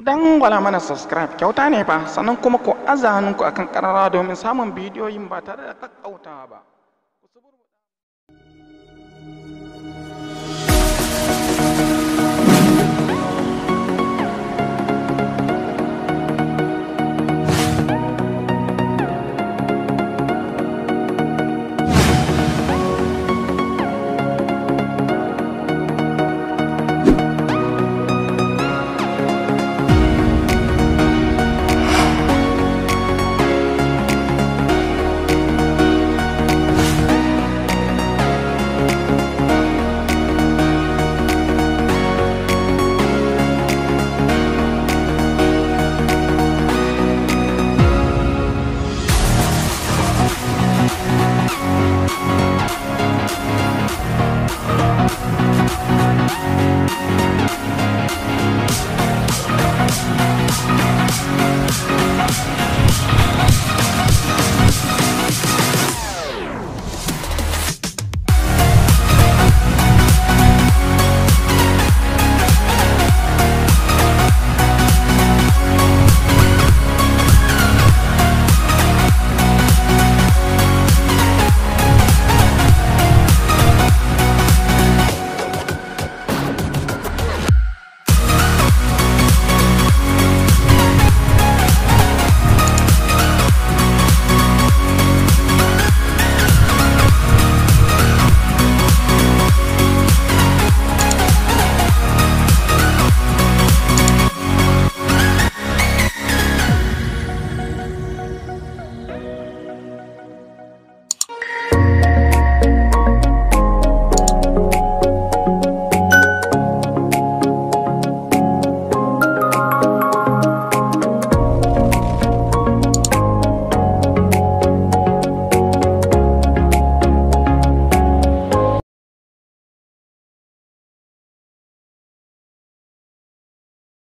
ku dangwala mana subscribe kyauta ne ba sannan kuma ku aza ku akan karara domin samun bidiyoyin ba tare da kakkautawa ba